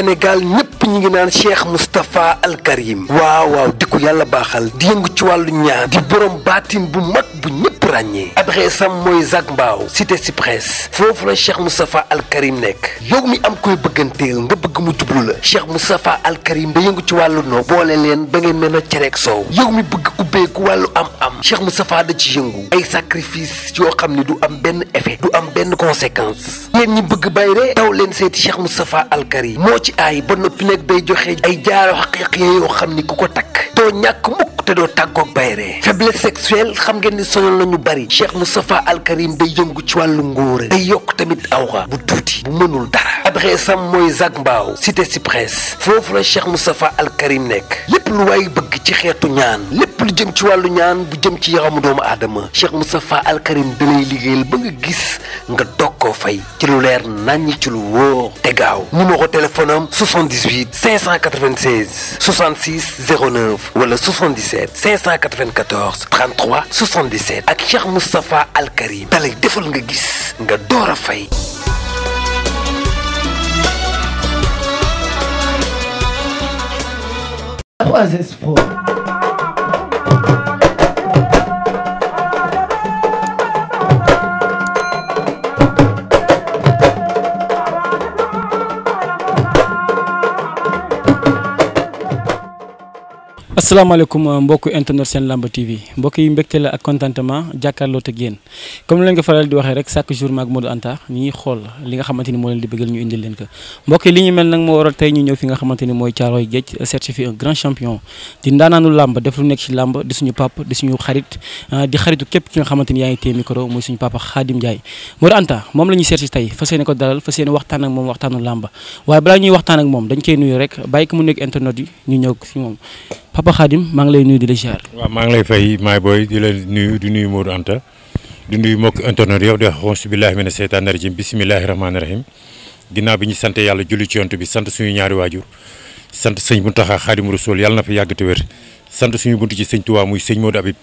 Sénégal ñëpp ñi ngi naan Cheikh Moustapha Al waaw waaw di ko yàlla baaxal di yëngu ci wàllu ñaan di borom baatin bu mag bu ñëpp ràññee adresse am mooy Zac Mbao cité Cyprès foofu la Cheikh Moustapha Al Karim nekk yow mi am koy bëgganteel nga bëgg mu jublu la Cheikh Moustapha Al Karim da yëngu ci wàllu noo boole leen ba ngeen mel na cereek soow yow mi bëgg ubbeeku wàllu am-am Cheikh Moustapha da ci yëngu ay sacrifice yoo xam ni du am benn effet du am benn conséquence yéen ñi bëgg bayre taw leen seeti Cheikh Moustapha Al Karim moo ci aay ba noppi nag bay joxe ay jaaro xaqiiqiya yoo xam ni ku ko takk te doo tàggoog bayre faiblesse sexuelle xam ngeen ni sonal nañu bari Cheikh Moustapha Al Karim day yëngu ci wàllu ngóore day yokk tamit awra bu tuuti bu mënul dara adresse am mooy Zac Mbao cité Cyprès foofu la Cheikh Moustapha Al Karim nekk lépp lu waay bëgg ci xeetu ñaan lépp lu jëm ci wàllu ñaan bu jëm ci yaramu doomu aadama Cheikh Moustapha Al Karim dalay liggéeyal ba nga gis nga doog koo fay ci lu leer naññ ci lu wóor te gaaw numéro téléphone am 78 77 594 33 77 ak Cheikh Moustapha Al Karim dalay deful nga gis nga door a fay. asalaamaaleykum euh, mbokk internet seen lamb TV mbokk yi mbégte la ak contentement jàkkaarloo ak yéen comme leen ko faral di waxee rek chaque jour maag Modou Anta ñuy xool li nga xamante ni moo leen bëggal ñu indil leen ko ñu mel nag moo tey ñu ñëw fi nga xamante ni mooy Caaroy Géej certifié un grand champion di nekk ci làmb suñu pap suñu xarit euh, di xaritu képp ki nga xamante ni yaa ngi téye papa Khadim Ndiaye Modou Anta moom la ñuy seet tey fa yéene ko dalal fas yéene waxtaan ak moom waxtaanu làmb waaye balaa ñuy waxtaan ak moom dañ koy nuyu rek bàyyi ko mu nekk internet yi ñu ñëw si moom Papa Khadim maa ngi lay nuyu di la ziar. waaw maa ngi lay fay maay booy di la nuyu di nuyu Modou Anta di nuyu mbokk yow di wax auzu billaahi mina seytaani rajiim bismillaahi rahmaani rahiim ginnaaw bi ñu sant yàlla julli ci yonent bi sant suñu ñaari waajur sant sëñ Muntaxa Xaadimu Rasuul yàlla na yàgg te wér sant suñu buntu ci sëñ muy sëñ Modou Habib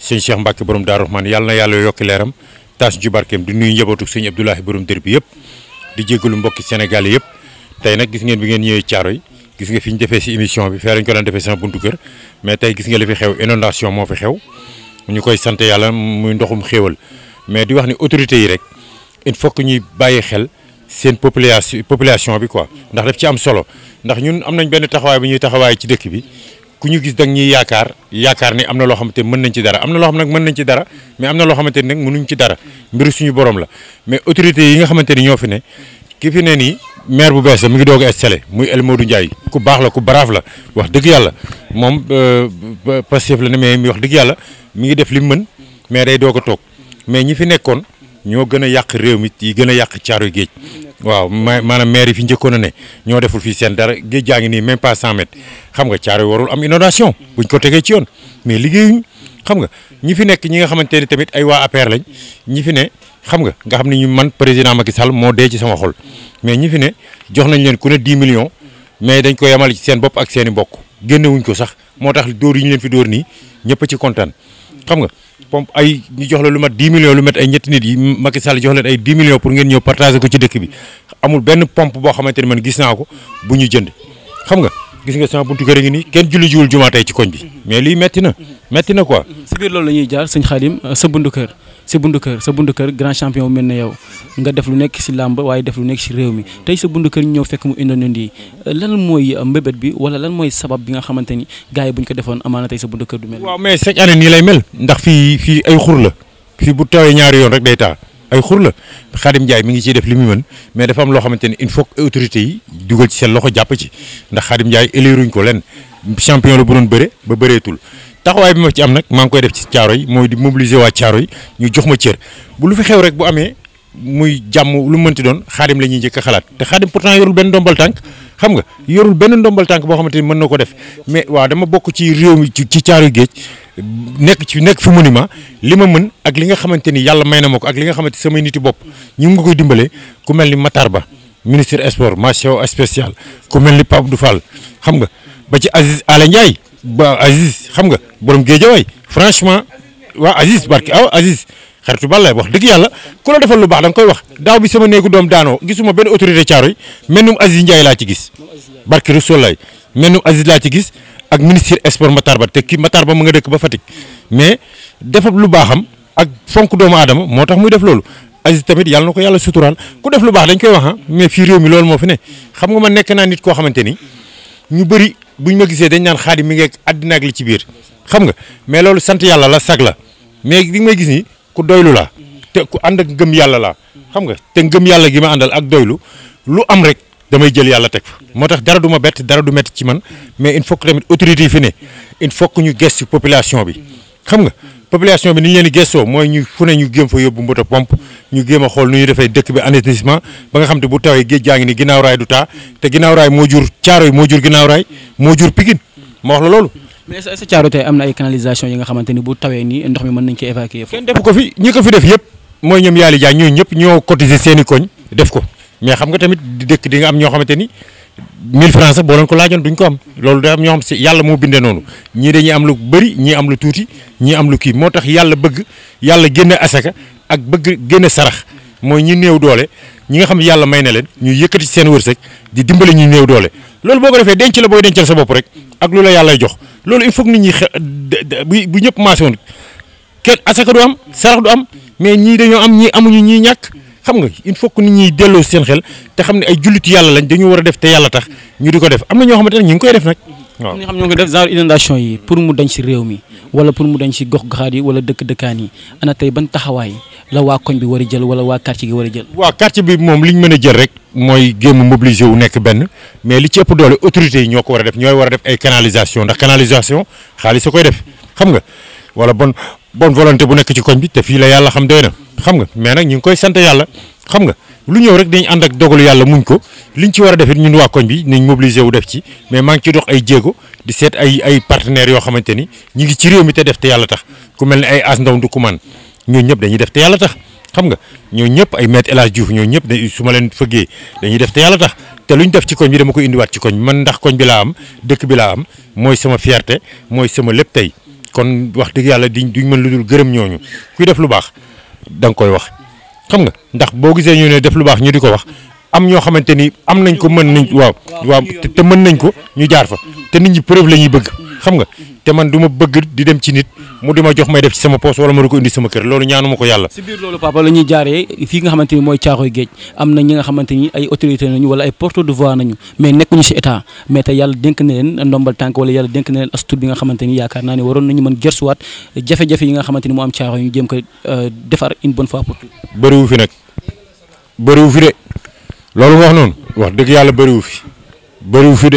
sëñ Cheikh Mbacke borom Daaru Rahmaan yàlla na yàlla yokk leeram taas ju barkeem di njabootu sëñ Abdoulahi borom dër bi yëpp di jégalu mbokki Sénégal yëpp tey nag gis ngeen bi ngeen ñëwee yi gis nga fi ñu defee si émission bi fee lañ ko daan defee sama buntu kër mais tey gis nga li xew inondation moo fi xew ñu koy sant yàlla muy ndoxum xéewal mais di wax ni autorité yi rek il faut que ñuy bàyyi xel seen population population bi quoi ndax daf ci am solo ndax ñun am nañ benn taxawaay bi ñuy taxawaay ci dëkk bi ku ñu gis da ñuy yaakaar yaakaar ni am na loo xamante mën nañ ci dara am na loo xam nag mën nañ ci dara mais am na loo xamante ni nag mënuñ ci dara mbir suñu borom la mais autorités yi nga xamante ni ñoo fi ne ki fi ne nii maire bu bees la mi ngi doog a installé muy El Modou Ndiaye ku baax la ku brave la wax dëgg yàlla moom euh, Pastef la ne mais wax dëgg yàlla mi ngi def li mu mën mais day doog a toog mais ñi fi nekkoon ñoo gën a yàq réew mi yi gën a yàq caaru géej waaw maanaam maire yi fi njëkkoon a ne ñoo deful fii seen dara géej gaa ngi nii mais pas 100 mètres xam nga caaru warul am inondation buñ ko tegee ci yoon mais liggéeyuñ xam nga ñi fi nekk ñi nga xamante ni tamit ay waa APR lañ ñi fi ne. xam nga nga xam ne ñu man président Macky Sall moo dee ci sama xol mais ñi fi ne jox nañ leen ku ne 10 millions mais dañ ko yemale ci seen bopp ak seen i mbokk génnewuñ ko sax moo tax dóor yi ñu leen fi dóor nii ñëpp ci kontaan xam nga pompe ay ñu jox la lu mat 10 millions lu mat ay ñetti nit yi Macky Sall jox leen ay 10 millions pour ngeen ñëw partager ko ci dëkk bi amul benn pompe boo xamante ni man gis naa ko bu ñu jënd xam nga gis nga sama buntu k a ngi nii kenn julli jiwul jumaa tey ci koñ bi mais lii na metti na quoi. si biir sa buntu sa bundu kër sa bundu kër grand champion bu mel ne yow nga def lu nekk si làmb waaye def lu nekk si réew mi tey sa bundu kër ñëw fekk mu indonendi lan mooy euh, mbébét bi wala lan mooy sabab bi nga xamante ni gars yi bu ñu ko defoon amaana tey sa bundu kër du mel. waaw mais chaque année nii lay mel ndax fii fii ay xur la fii bu tawee ñaari yoon rek day taa ay xur la Xaadim Njaay mi ngi ciy def li mu mën mais dafa am loo xamante ne il faut que autorités yi dugal ci seen loxo jàpp ci ndax Xaadim Njaay ko leen champion bu doon bëre ba bëreetul taxawaay bi ma ci am nag maa ngi koy def ci caaro yi mooy di mobiliser waa caaro yi ñu jox ma cër bu lu fi xew rek bu amee muy jàmm lu mënti doon xaadim la ñuy njëkk a xalaat te xaadim pourtant yorul benn ndombal tànk xam nga yorul benn ndombal tànk boo xamante ni mën na ko def mais waaw dama bokk ci réew mi ci caaru géej nekk ci nekk fi monument li ma mën ak li nga xamante ni yàlla may na ma ko ak li nga xamante samay niti bopp ñu ngi koy dimbalee ku mel ni Matar Ba ministre sport mention spéciale ku mel ni Pape Dou Fall xam nga ba ci Aziz Ala Ndiaye ba xam nga borom géejawaay franchement waa Aziz barke aw Aziz xaritu Balla wax dëgg yàlla ku la defal lu baax da nga koy wax daaw bi sama néegu doom daanoo gisuma benn autorité Thiaroye mennum Aziz Ndiaye laa ci gis barke Rasuul laay mennum Aziz laa ci gis ak ministre sport Matar Ba te kii Matar Ba mu nga dëkk ba Fatick mais defal lu baaxam ak fonk doomu aadama moo tax muy def loolu Aziz tamit yàlla na ko yàlla suturaal ku def baax dañ koy wax ah, mais fii réew mi loolu moo fi ne xam nga ma nekk naa nit koo xamante ni ñu bëri buñ ma gisee dañ naan xaadim mi ngeeg àddina ak li ci biir xam nga mais loolu sant yàlla la sag la mais li may gis ni ku doylu la te ku ànd ak ngëm yàlla la xam nga te ngëm yàlla gi ma àndal ak doylu lu am rek damay jël yàlla teg fa moo tax dara du ma bett dara du mett ci man mais il faut tamit autorité yi fi ne il faut que ñu gëstu population bi xam nga population bi ni ñu leen di gëstoo mooy ñu fu ne ñu géem fa yóbbu moto pompe ñu géem a xool nu ñu defee dëkk bi assainissement ba nga xam te bu tawee géej jaa ngi ni ginnaaw raay du taa te ginnaaw raay moo jur caaro yi moo jur ginnaaw raay moo jur Pikine ma wax la loolu. mais est-ce caaro tey am na ay canalisation yi nga xamante ni bu tawee nii ndox mi mën nañ ci évacuer. kenn def ko fi ñi ko fi def yëpp mooy ñoom yaali jaa ñooñu ñëpp ñoo cotiser seeni i koñ def ko mais xam nga tamit dëkk di nga am ñoo xamante ni 1000 francs sax boo leen ko laajoon duñ ko am loolu day am ñoo xam si yàlla moo bindee noonu ñii dañuy am lu bëri ñii am lu tuuti ñii am lu kii moo tax yàlla bëgg yàlla génne asaka ak bëgg génne sarax mooy ñi néew doole ñi nga xam yàlla may na leen ñu yëkkati seen wërsëg di dimbale ñu néew doole. loolu boo ko defee denc la booy dencal sa bopp rek ak lu la yàllay jox loolu il faut que nit ñi bu bu ñëpp kenn asaka du am sarax du am mais ñii dañoo am ñii xam nga il faut que nit ñiy delloo seen xel te xam ne ay jullitu yàlla lañ dañu war a def te yàlla tax ñu di ko def am na ñoo xamante ne ñu ngi def nag pour mu dañ si réew mi wala pour mu dañ si gox goxaat yi wala dëkk dëkkaan yi ana ba ban taxawaay la waa koñ bi war a jël wala waa quartier gi a jël waaw quartier bi moom li mën a jël rek mooy gémm mobiliser wu nekk benn mais li ci ëpp doole autorités yi ñoo ko war a def ñooy war a def ay canalisation ndax canalisation xaalis sa koy def xam nga wala bon bonne volonté bu nekk ci koñ bi te fii la xam doy na xam nga mais nag ñu ngi koy sant yàlla xam nga lu ñëw rek dañu ànd ak dogalu yàlla muñ ko ñu ci war a defee ñu ñun waa koñ bi nañ mobiliser wu def ci mais maa ngi ciy dox ay jéego di seet ay ay partenaires yoo xamante ni ñu ngi ci réew mi te def te yàlla tax ku mel ni ay as ndaw ndu kumaan ñooñu ñëpp dañuy def te yàlla tax xam nga ñoo ñëpp ay maître El Hadj Diouf ñoo ñëpp da su ma leen fëggee dañuy def te yàlla tax te luñ def ci koñ bi dama ko indiwaat ci koñ bi man ndax koñ bi laa am dëkk bi laa am mooy sama fierté mooy sama lépp tey kon wax dëgg yàlla di duñ mën lu dul gërëm ñooñu kuy def lu baax da koy wax. xam nga ndax boo gisee ñu ne def lu baax ñu di ko wax am ñoo xamante ni am nañ ko mën nañ waaw waaw te mën nañ ko ñu jaar fa te nit ñi preuve la ñuy bëgg. xam nga te man du ma bëgg di dem ci nit mu di ma jox may def ci sama poos wala ma di ko indi sama kër loolu ñaanuma ko yàlla si biir loolu papa la ñuy jaaree fii nga xamante mooy caaxoy géej am na ñi nga xamante ay autorité nañu wala ay porte de voix nañu mais nekkuñu si état mais te yàlla dénk na leen ndombal tànk wala yàlla dénk na leen astud bi nga xamante ni yaakaar naa ne waroon nañu mën gersuwaat jafe-jafe yi nga xamante moo am caaxoy ñu euh, fi nag bëriwu fi de loolu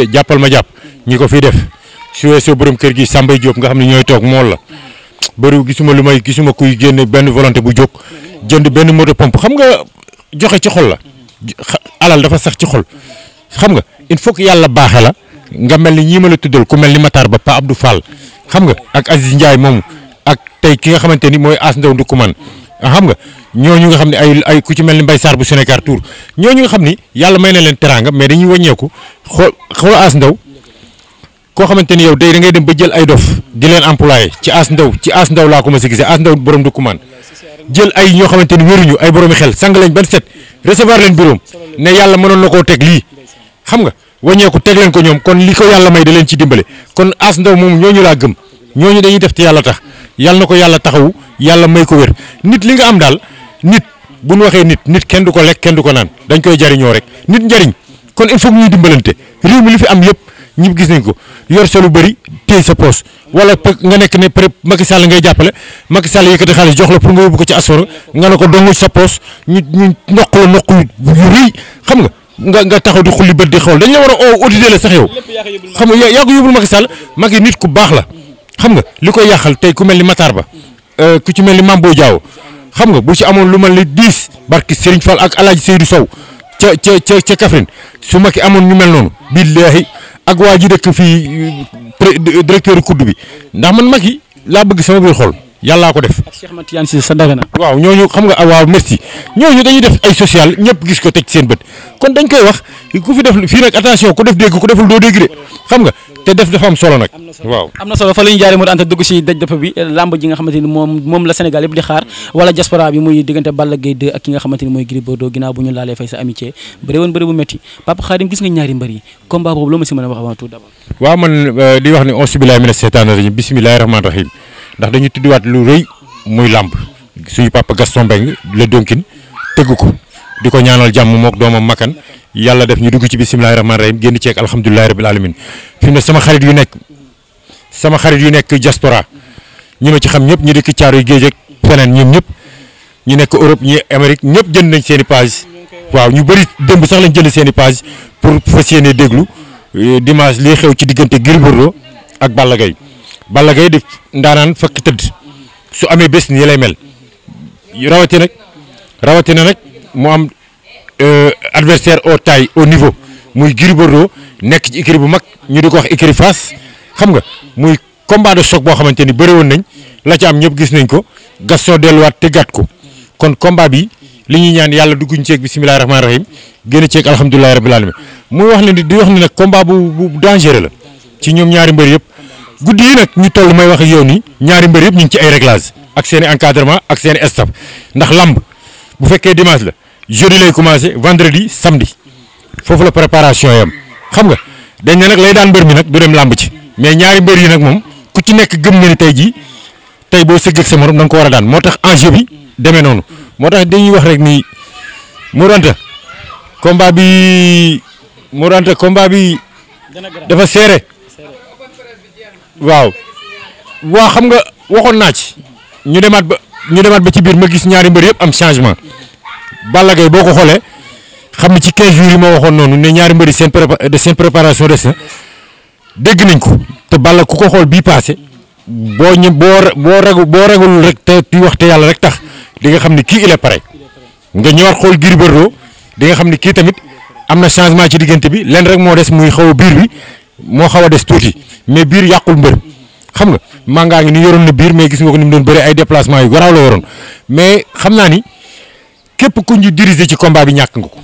nga ma jàpp ñi fi def su weesoo borom kër gi Samba Diop nga xam ne ñooy toog mool la bëriw gisuma lu may gisuma kuy génne benn volonté bu jóg jënd benn moto pomp xam nga joxe ci xol la alal dafa sax ci xol xam nga il faut yàlla baaxe la nga mel ni ñii ma la tuddal ku mel ni Matar ba Pa Abdou Fall xam nga ak Aziz Ndiaye moom ak tey ki nga xamante ni mooy As Ndaw Ndoukoumane xam nga ñooñu nga xam ne ay ay ku ci mel ni mbay Sarr bu Sénégal Tour ñooñu nga xam ni yàlla may na leen teraanga mais dañuy waññeeku xool xool As Ndaw koo xamante ni yow tey da ngay dem ba jël ay dof di leen employé ci as ndaw ci as ndaw laa ko ma si gisee as ndaw borom dukkumaan jël ay ñoo xamante ni wéruñu ay boroomi xel sang lañ ban set recevoir leen bureau ne yàlla mënoon na koo teg lii xam nga wàññeeku teg leen ko ñoom kon li ko yàlla may da leen ci dimbale kon as ndaw moom ñu laa gëm ñoo ñu dañuy def te yàlla tax yàlla na ko yàlla taxawu yàlla may ko wér nit li nga am daal nit bu ñu waxee nit nit kenn du ko lekk kenn du ko naan dañ koy jariñoo rek nit njariñ kon il faut ñuy dimbalante réew mi fi am yëpp ñëpp gis nañ ko yor sa lu bari téye sa poos wala nga nekk ne peut être Macky Sall ngay jàppale Macky Sall yëkkati xaalis jox la pour nga yóbbu ko ci asoro nga ne ko dongu sa poos ñu ñu noq la xam nga nga nga taxaw di xulli bët di xool dañ la war a auditer la sax yow xam nga yaa ko yóbbul Macky Sall Macky nit ku baax la xam nga li koy yàqal tey ku mel ni Matar Ba euh, ku ci mel ni Mambo Diaw xam nga bu ci amoon lu mel ni diis barki Serigne Fall ak alaaj Hadj Seydou Sow ca ca ca Kaffrine su makki amoon ñu mel noonu billaahi ak waa ji dëkk fii euh, directeur kuddu bi ndax man Macky laa bëgg sama biir xol. yàllaa ko def. ak Cheikh Matiane si sa Dagana. waaw ñooñu xam nga ah, waaw merci ñooñu dañu def ay social ñëpp gis ko teg seen bët kon dañ koy wax ku fi def fii nag attention ku def dégg ku deful doo dégg de xam nga te def dafa am solo nag. waaw am na solo fa la ñu jaaree a anta dugg si daj dëpp bi làmb ji nga xamante ni moom moom la Sénégal yëpp di xaar wala bu ñu laalee fay sa amitié bëri woon bu métti Papa Khadim gis nga ñaari mbër yi combat boobu loo ma si mën a wax avant tout d'abord. waaw man euh, di wax ne auzu billaahi mina sheytaani ndax dañu tuddiwaat lu rëy muy làmb suñu pàpp Gaston Mbengue la donkin tëgg ko di ko ñaanal jàmm mook doomam makan yàlla def ñu dugg ci bisimilahi rahmaani rahim génn ceeg alhamdulilahi rabil alamin fi ne sama xarit yu nekk sama xarit yu nekk diaspora ñi ma ci xam ñëpp ñu dëkk caaru géej ak feneen ñoom ñëpp ñu nekk Europe ñi Amérique ñëpp jënd nañ seen i waaw ñu bëri démb sax lañ jënd seen i page pour fas yéene déglu euh, dimanche li xew ci diggante Gris ak Balla Balla Gaye di ndaanaan fakk tëdd su amee bés nii lay mel rawatina nag na nag mu am euh, adversaire au taille au niveau muy Gris Bordeaux nekk ci écurie bu mag ñu di ko wax écurie Fass xam nga muy combat de choc boo xamante ni bëri woon nañ la ci am ñëpp gis nañ ko Gaston delluwaat te gàtt ko kon combat bi li ñuy ñaan yàlla dugguñ ceeg bisimilah rahmaani rahim génn ceeg alhamdulilah rabil alamin muy wax ne di wax ne nag combat bu bu dangereux la ci ñoom ñaari mbër yëpp. guddi yi nag ñu toll may wax ak yow ni ñaari mbër yëpp ñu ngi ci ay réglage ak seen i encadrement ak seeni estap ndax lamb bu fekkee dimanche la jeudi lay commencé vendredi samedi foofu la préparation yam xam nga dañ ne nag lay daan mbër mi nag du dem lamb ci mais ñaari mbër yi nag moom ku ci nekk gëm na tey jii tey boo sëgg ak sa morom da ko war a daan moo tax enjeu bi demee noonu moo tax dañuy wax rek ni Modou Anta combat bi Modou Anta combat bi dafa serré. waaw waa xam nga waxoon naa ci ñu demaat ba ñu demaat ba ci biir ma gis ñaari mbër yëpp am changement Balla Gaye boo ko xoolee xam ne ci 15 jours yi ma waxoon noonu ne ñaari mbër yi seen prépa seen préparation des na dégg nañ ko te Balla ku ko xool bii paase boo ñë boo boo ragu boo ragul rek te di wax te yàlla rek tax di nga xam ne kii il est pare nga ñëwaat xool Gris Bordeaux di nga xam ne kii tamit am na changement ci diggante bi lenn rek moo des muy xaw biir moo xaw a des tuuti mais biir yàqul mbër xam nga màngaa ngi ni yoroon na biir mais gis nga ko ni mu doon bëri ay déplacement yu garaaw la yoroon mais xam naa ni képp ku ñu diriger ci combat bi ñàkk nga ko.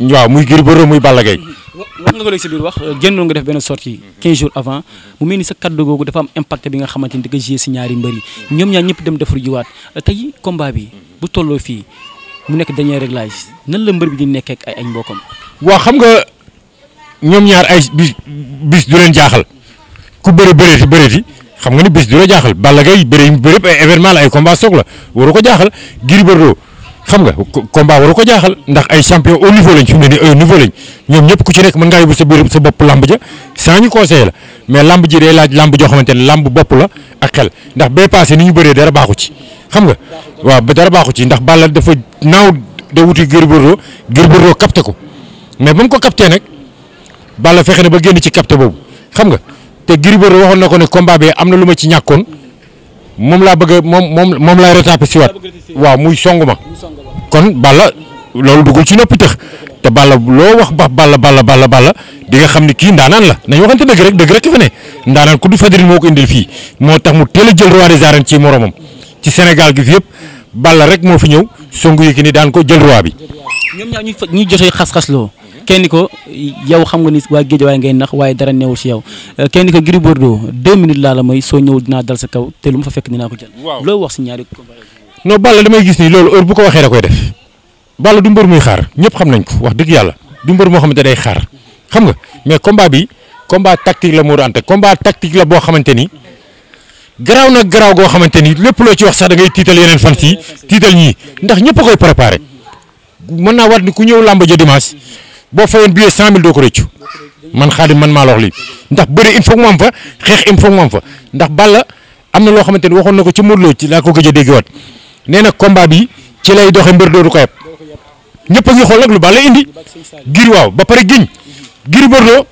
waaw muy Gris Bordeaux muy Balla Gaye. Mm-hmm. wax nga ko léegi si biir wax euh, génnoon nga def benn sortie 15 avant mu mel ni sa kaddu googu dafa am impact bi nga xamante ni da nga si ñaari mbër yi ñoom ñaar ñëpp dem defar jiwaat euh, tey combat bi bu tolloo fii mu nekk dernier réglage nan la mbër bi di nekkee ak xam nga ñoom ñaar ay bis bis du leen jaaxal ku bëri bëreeti bëreeti xam nga ni bis du la jaaxal Balla Gaye bëri bëri ay événement la ay combat soog la waru ko jaaxal Gris Bordeaux xam nga combat waru ko jaaxal ndax ay champion au niveau lañ fi mu ne nii au niveau lañ ñoom ñëpp ku ci nekk mën ngaa yóbbu sa biir sa bopp lamb ja sans ñu conseiller la mais lamb ji de laaj lamb joo xamante ne lamb bopp la ak xel ndax bee passé ni ñu bëree dara baaxu ci xam nga waaw ba dara baaxu ci ndax Balla dafa naaw da wuti Gris Bordeaux Gris Bordeaux capté ko mais ba ko capté nag Balla fexe na ba génn ci capté boobu xam nga te Gris Bordeaux waxoon na ko ne combat bi am na lu ma ci ñàkkoon moom laa bëgg moom moom moom laay retapé si waat waaw muy song ma kon Balla loolu duggul ci noppi tëx te Balla loo wax ba Balla Balla Balla Balla di nga xam ni kii ndaanaan la nañ waxante dëgg rek dëgg rek fa ne ndaanaan ku du fadrin moo ko indil fii moo tax mu teel a jël roi des arènes ci moromam ci Sénégal gi fi yëpp Balla rek moo fi ñëw songu Yékini ki ni jël roi bi. ñoom ñaar ñuy jotee xas-xas kenn ko yow xam nga ni waa géejawaay ngay nax waaye dara neewul si yow euh, kenn ko Gris Bordeaux deux minutes laa la may soo ñëwul dinaa dal sa kaw te lu ma fa fekk dinaa ko jël. waaw loo wax si ñaari combat non damay gis ni loolu heure bu ko waxee da koy def Balla du mbër muy xaar ñëpp xam nañ ko wax dëgg yàlla du mbër moo xamante day xaar xam nga mais combat bi combat tactique la moo doon ante combat tactique la boo xamante ni garaaw nag garaaw goo xamante ni lépp loo ci wax sax da ngay tiital yeneen a boo fayoon billet cent mille doo ko rëccu man Khadim man maa la wax ndax bëri il faut mu am fa xeex il faut mu fa ndax Balla am na loo xamante ni waxoon na ko ci Modou ci laa ko gëj a déggewaat nee na combat bi ci lay doxe mbër doodu ko ñëpp a ngi xool nag lu Balla indi gir waaw ba pare giñ gir Bordeaux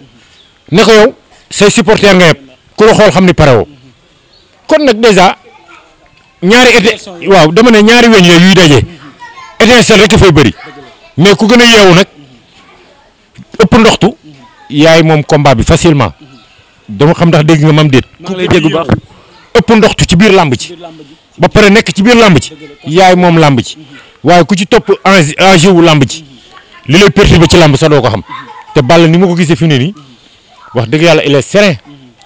ne ko yow say supporter nga yeb ku la xool xam ni pare kon nag dèjà ñaari été waaw dama ne ñaari weñ yooyu yuy daje étincelle rek a fay bëri mais ku gën a yeewu nag. ëpp ndoxtu yaay moom combat bi facilement dama xam ndax dégg nga mam déet maa ngi lay dégg bu ëpp ndoxtu ci biir làmb ci ba pare nekk ci biir làmb ci yaay moom làmb ci waaye ku ci topp enjeu wu làmb ci li lay perturbé ci làmb sax doo ko xam te Balla ni ma ko gisee fi mu nii wax dëgg yàlla il est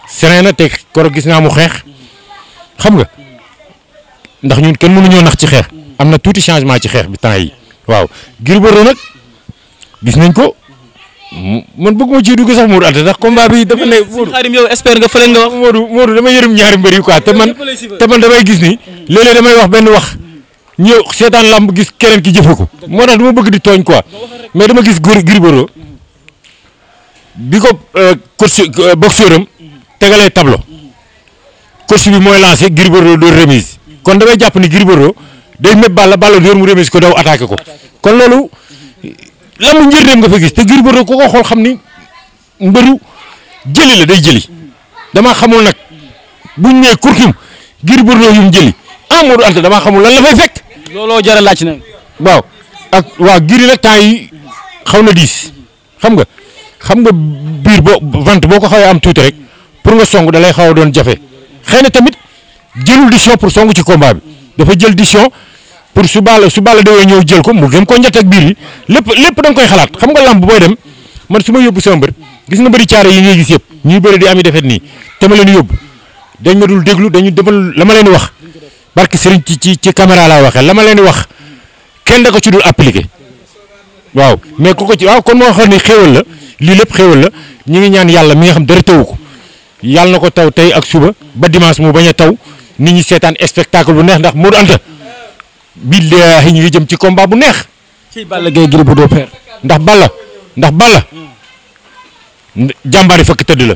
serein na te koro gis naa mu xeex xam nga ndax ñun kenn mënuñoo nax ci xeex am na tuuti changement ci xeex bi temps yi waaw Gris Bordeaux nag gis nañ ko man bëgguma ci dugg sax Modou Anta ndax combat bi dafa ne. Modou Xaadim yow espère nga fële ñaari mbër yi quoi te man damay gis ni léeg damay wax benn wax ñëw seetaan lamb gis keneen ki jëfe ko moo tax dama bëgg di tooñ quoi mais dama gis góor Gris Bordeaux bi ko euh, coach euh, boxeur am tegalee tableau coach bi mooy lancé Gris Bordeaux door remise kon damay jàpp ni Gris Bordeaux day méb Balla Balla door mu remise ko daw attaqué ko kon loolu. lamb njëriñam nga fa gis te Gris Bordeaux ko ko xool xam ni mbëru jëli la day jëli damaa xamul nag bu nee kurtum Gris Bordeaux yum jëli ah Modou Anta damaa xamul lan la fay fekk. looloo jar laaj na. waaw ak waa Gris nag temps yi xaw na diis xam nga xam nga biir boo vente boo ko xawee am tuuti rek pour nga song da xaw a doon jafe xëy na tamit jëlul décision pour song ci combat bi dafa jël décision. pour su Balla su Balla dawee ñëw jël ko mu gëm koo njëtt ak biir yi lépp lépp da nga koy xalaat xam nga làmb booy dem man su ma yóbbu sama mbër gis nga bëri caare yi ngay gis yëpp ñuy bëri di am yi defet nii te ma leen yóbbu dañ ma dul déglu dañu demal la ma leen wax barki sëriñ ci ci ci caméra laa waxee la ma leen wax kenn da ko ci dul appliqué waaw mais ku ko ci waaw kon moo xam ne xéewal la lii lépp xéewal la ñu ngi ñaan yàlla mi nga xam dara tawu ko yàlla na ko taw tey ak suba ba dimanche mu bañ a taw nit ñi seetaan spectacle bu neex ndax Modou Anta billaahi ñu ngi jëm ci komba bu neex. ci Balla Gaye Gris Bordeaux ndax Balla ndax Balla. jàmbaari fakk tëdd la.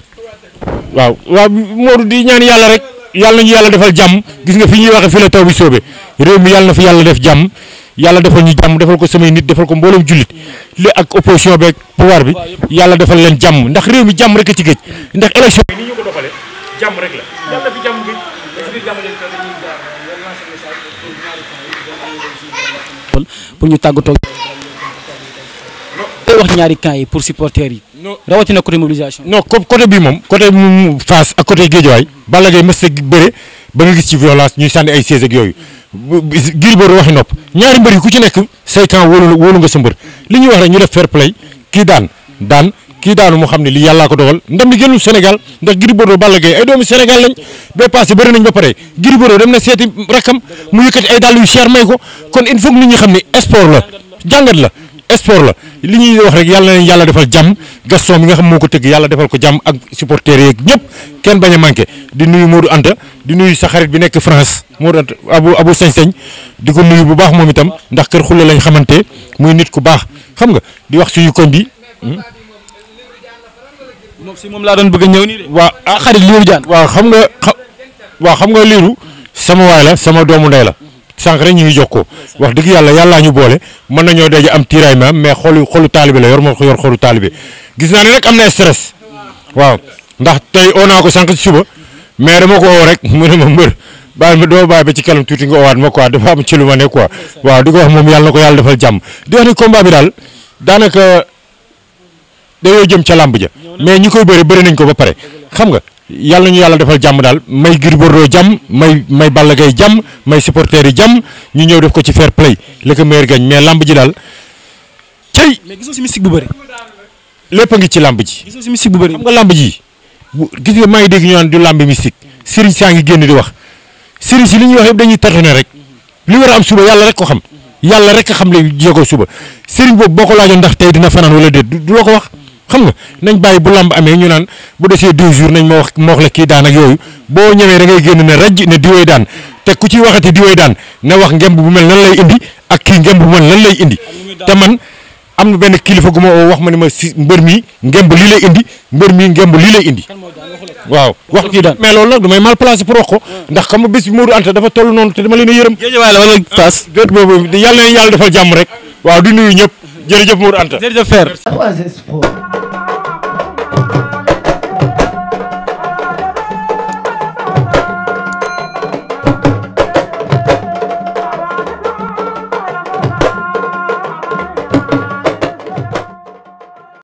waaw waa Modou di ñaan yàlla rek yàlla ñu yàlla defal jàmm gis nga fi ñuy waxee fi la taw bi soobee réew mi yàlla na fi yàlla def jàmm yàlla defal ñu jàmm defal ko samay nit defal ko mbooloom jullit li ak opposition beeg pouvoir bi yàlla defal leen jàmm ndax réew mi jàmm rek a ci géej ndax élection. jàppal pour ñu tàggatoo. tey ñaari camp yi pour supporters yi. rawatina côté mobilisation. non côté bi moom côté mu Fass ak côté Guédiawaye. Balla Gaye mës bëre ba nga gis ci violence ñuy sànni ay siège ak yooyu. Gris Bordeaux waxi nopp ñaari mbër yi ku ci nekk say camp wóolu wóolu nga sa mbër li ñuy wax rek ñu def fair play kii daan daan. kii daanu mu xam ne li yàllaa ko dogal ndam li génnul Sénégal ndax Gris Bordeaux Balla Gaye ay doomu Sénégal lañ ba passé bëri nañ ba pare Gris dem na seeti rakkam mu yëkkati ay dàll yu cher may ko kon il faut que nit ñi xam ne sport la jàngat la sport la li ñuy wax rek yàlla nañ yàlla defal jàmm Gaston bi nga xam moo ko tëgg yàlla defal ko jàmm ak supporters yeeg ñëpp kenn bañ a manqué di nuyu Modou Anta di nuyu sa xarit bi nekk France Modou Anta Abu Abu señ di ko nuyu bu baax moom itam ndax kër xulle lañ xamante muy nit ku baax xam nga di wax suñu koñ bi moom si moom laa doon bëgg a ñëw nii de. waaw ah xarit Lirou Diane. waaw xam nga xa waaw xam nga Lirou sama waay la sama doomu ndey la sànq rek ñu ngi jox ko wax dëgg yàlla yàllaa ñu boole mën na nañoo daje am tiiraay ma mais xolu xolu taalibe la yor ma yor xolu taalibe gis naa ni rek am na stress waaw ndax tey oo naa ko sànq si suba mais dama ko woo rek mu ne ma mbër baal ma doo bàyyi ba ci kanam tuuti nga owaat ma quoi dafa am ci lu ma ne quoi waaw di ko wax moom yàlla ko yàlla defal jàmm di wax ni combat bi daal daanaka dañoo jëm ca làmb ja mais ñi koy bëri bëri nañ ko ba pare xam nga yàlla ñu yàlla defal jàmm daal may Gris Bordeaux jàmm may may Balla Gaye jàmm may supporters yi jàmm ñu ñëw def ko ci fair play le ko meilleur gagne mais lamb ji daal cey. mais gisoo si mystique bu bëri. lépp a ngi ci lamb ji. gisoo si bu bëri xam lamb ji gis nga maa ngi dégg ñu naan du lamb mystique Serigne saa ngi génn di wax Serigne si li ñuy wax yëpp dañuy tartane rek li war a am suba yàlla rek ko xam yàlla rek xam la jéego suba Serigne boobu boo ko laajoon ndax tey dina fanaan wala déet du la ko wax. xam nga nañ bàyyi bu lamb amee ñu naan bu desee deux jours nañ ma wax ma wax la kii daan yooyu boo ñëwee da ngay génn ne raj ne diwooy daan te ku ci waxati diwooy daan ne wax ngemb bu mel lan lay indi ak kii ngemb bu mel lan lay indi te man na benn kilifa gu ma wax ma ne ma si mbër mi ngemb lii lay indi mbër mi ngemb lii lay indi waaw wax kii daan mais loolu nag damay mal placé pour wax ko ndax xam nga bés bi Modou Anta dafa toll noonu te dama leen yërëm géej waay la wala taas defal jàmm rek waaw di nuyu ñëpp jërëjëf Mour Anta jërëjëf Fer